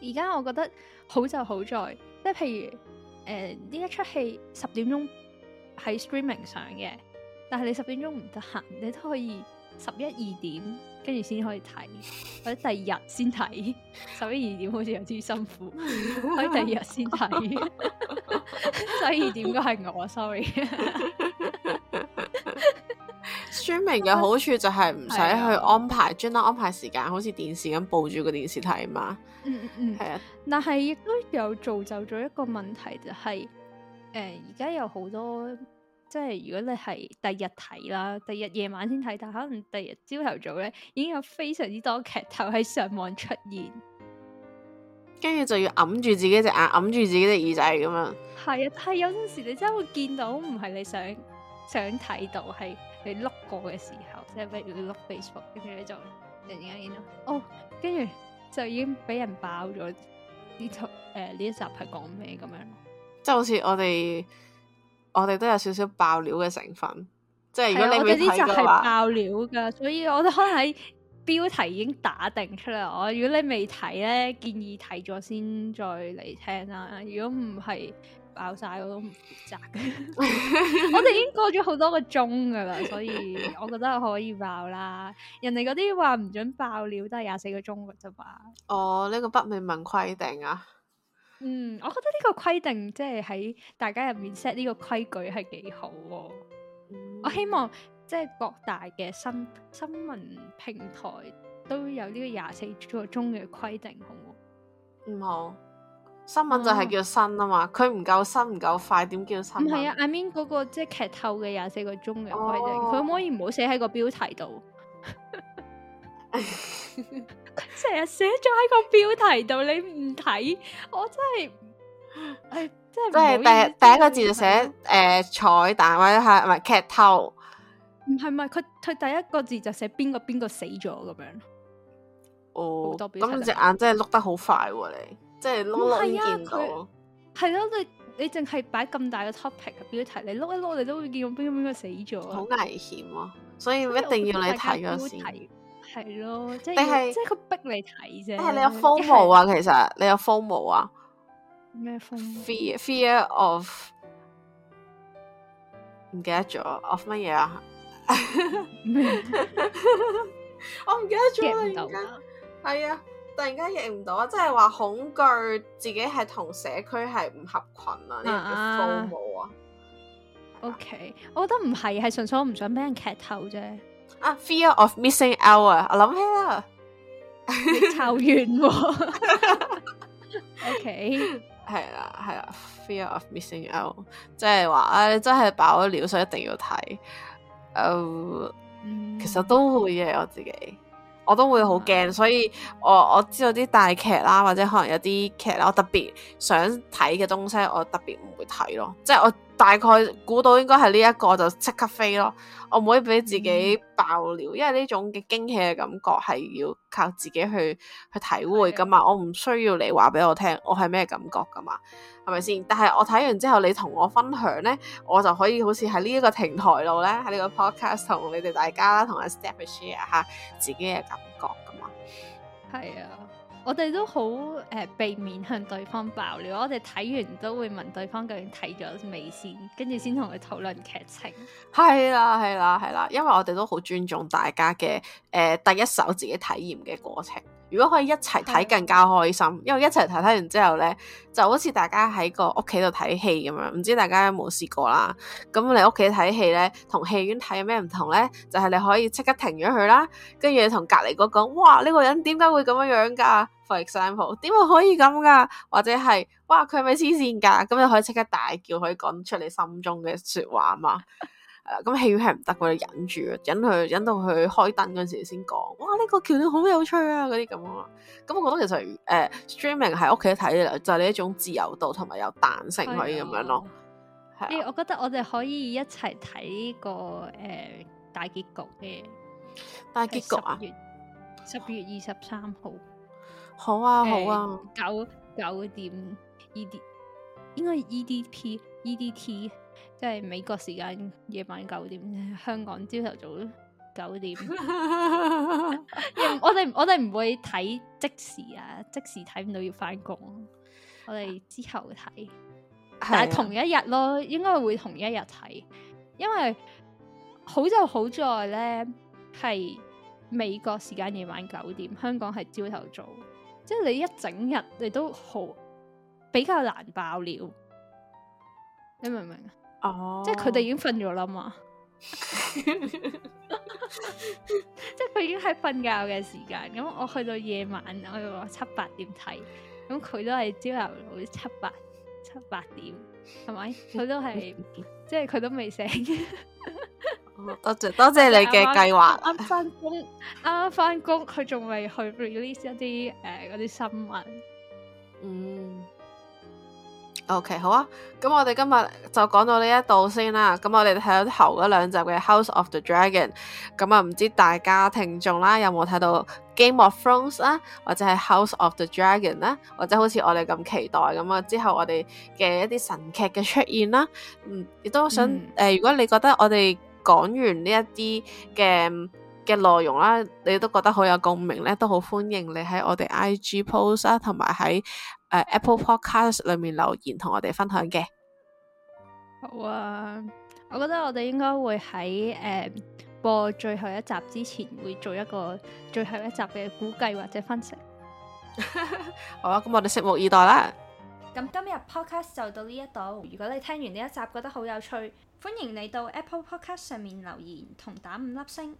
而家我覺得好就好在，即係譬如誒呢、呃、一出戲十點鐘喺 streaming 上嘅，但係你十點鐘唔得閒，你都可以十一二點跟住先可以睇，或者第二日先睇。十一二點好似有啲辛苦， 可以第二日先睇。十一二點應該係我 sorry。 書明嘅好處就係唔使去安排專登、啊、安排時間，好似、嗯、電視咁播住個電視睇嘛。嗯嗯嗯，係、嗯、啊。但係亦都有造就咗一個問題、就是，就係誒而家有好多即係如果你係第日睇啦，第日夜晚先睇，但可能第日朝頭早咧，已經有非常之多劇透喺上網出現。跟住就要揞住自己隻眼，揞住自己隻耳仔咁樣。係啊，係有陣時你真係會見到，唔係你想想睇到係。你碌過嘅時候，即係不如碌 Facebook，跟住你就突然間，然到，哦，跟住就已經俾人爆咗呢集誒呢、呃、一集係講咩咁樣？即係好似我哋我哋都有少少爆料嘅成分， 即係如果你未睇嘅話，爆料噶，所以我都可能喺標題已經打定出嚟。我如果你未睇咧，建議睇咗先再嚟聽啦。如果唔係，爆晒我都唔扎嘅， 我哋已經過咗好多個鐘噶啦，所以我覺得可以爆啦。人哋嗰啲話唔准爆料都係廿四個鐘噶啫嘛。哦、呢、這個不明文規定啊。嗯，我覺得呢個規定即係喺大家入面 set 呢個規矩係幾好。嗯、我希望即係、就是、各大嘅新新聞平台都有呢個廿四個鐘嘅規定，好唔好？唔好。新聞就係叫新啊嘛，佢唔夠新唔夠快，點叫新？唔係啊阿 I mean 嗰、嗰個即係劇透嘅廿四個鐘嘅規則，佢可唔可以唔好寫喺個標題度？佢成日寫咗喺個標題度，你唔睇，我真係誒、哎，真係即係第第一個字就寫誒、 呃、彩蛋或者係唔係劇透？唔係唔係，佢佢第一個字就寫邊個邊個死咗咁樣。哦，咁你隻眼真係碌得好快喎，你。即係碌兩件到，係咯，你你淨係擺咁大個 topic，邊度睇你碌一碌，你都會見到邊個邊個死咗，好危險啊！所以一定要你睇咗先，係咯，即係即係佢逼你睇啫，但係你有 fomo 啊，其實你有 fomo 啊，咩 fomo？Fear, fear of 唔記得咗，of 乜嘢啊？我唔記得咗啦，而家係啊。突然間認唔到啊，即係話恐懼自己係同社區係唔合群啊，呢、啊啊、個叫 FOMO 啊。吧 o、okay. K，我覺得唔係，係純粹我唔想俾人劇透啫。啊，Fear of Missing Out，啊，我諗起啦，抄 完 Okay.。O K，係啦係啦，Fear of Missing Out，即係話誒，你真係爆咗料，所以一定要睇。誒、uh, 嗯，其實都會嘅我自己。我都會好驚，所以我我知道啲大劇啦，或者可能有啲劇啦，我特別想睇嘅東西，我特別唔會睇咯，即係我。大概估到應該係呢一個就即刻飛咯，我唔可以俾自己爆料，嗯、因為呢種嘅驚喜嘅感覺係要靠自己去去體會噶嘛。啊、我唔需要你話俾我聽，我係咩感覺噶嘛，係咪先？但係我睇完之後，你同我分享咧，我就可以好似喺呢一個平台度咧喺呢個 podcast 同你哋大家啦，同阿 Step share 下自己嘅感覺噶嘛，係啊。我哋都好誒、呃、避免向對方爆料，我哋睇完都會問對方究竟睇咗未先，跟住先同佢討論劇情。係啦，係啦，係啦，因為我哋都好尊重大家嘅誒、呃、第一手自己體驗嘅過程。如果可以一齊睇更加開心，因為一齊睇睇完之後咧，就好似大家喺個屋企度睇戲咁樣，唔知大家有冇試過啦？咁你屋企睇戲咧，同戲院睇有咩唔同咧？就係你可以即刻停咗佢啦，跟住你同隔籬嗰個講，哇，呢個人點解會咁樣樣噶？For example，點會可以咁噶？或者係哇佢係咪黐線噶？咁你可以即刻大叫，可以講出你心中嘅說話嘛。 咁戲、嗯、院係唔得我嘅，忍住，忍佢，忍到佢開燈嗰陣時先講。哇，呢、這個橋段好有趣啊！嗰啲咁咯，咁、嗯、我覺得其實誒、呃、streaming 喺屋企睇就係、是、一種自由度同埋有彈性可以咁樣咯。係的的、欸，我覺得我哋可以一齊睇、這個誒、呃、大結局嘅大結局啊！十月二十三號，好啊，好啊、呃，九九點 E D，應該 E D P E D T。即係美國時間夜晚九點，香港朝頭早九點。 我哋我哋唔會睇即時啊，即時睇唔到要翻工。我哋之後睇，啊、但係同一日咯，應該會同一日睇。因為好就好在咧，係美國時間夜晚九點，香港係朝頭早，即係你一整日你都好比較難爆料。你明唔明啊？哦，即係佢哋已經瞓咗啦嘛， 即係佢已經喺瞓覺嘅時間。咁我去到夜晚，我又話七八點睇，咁佢都係朝頭早七八七八點，係咪？佢都係， 即係佢都未醒 多。多謝多謝你嘅計劃。啱翻工，啱啱翻工，佢仲未去 release 一啲誒嗰啲新聞。嗯。OK，好啊，咁我哋今日就講到呢一度先啦。咁我哋睇到頭嗰兩集嘅 House of the Dragon，咁啊，唔知大家聽眾啦，有冇睇到 Game of Thrones 啦？或者係 House of the Dragon 啦，或者好似我哋咁期待咁啊，之後我哋嘅一啲神劇嘅出現啦，嗯，亦都想誒，如果你覺得我哋講完呢一啲嘅嘅內容啦，你都覺得好有共鳴咧，都好歡迎你喺我哋 IG post 啦、啊，同埋喺。誒、uh，Apple Podcast 裏面留言同我哋分享嘅，好啊！我覺得我哋應該會喺誒、uh，播最後一集之前，會做一個最後一集嘅估計或者分析。 好啊，咁我哋拭目以待啦。咁今日 Podcast 就到呢一度。如果你聽完呢一集覺得好有趣，歡迎你到 Apple Podcast 上面留言同打五粒星。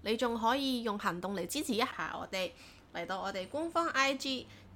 你仲可以用行動嚟支持一下我哋，嚟到我哋官方 IG。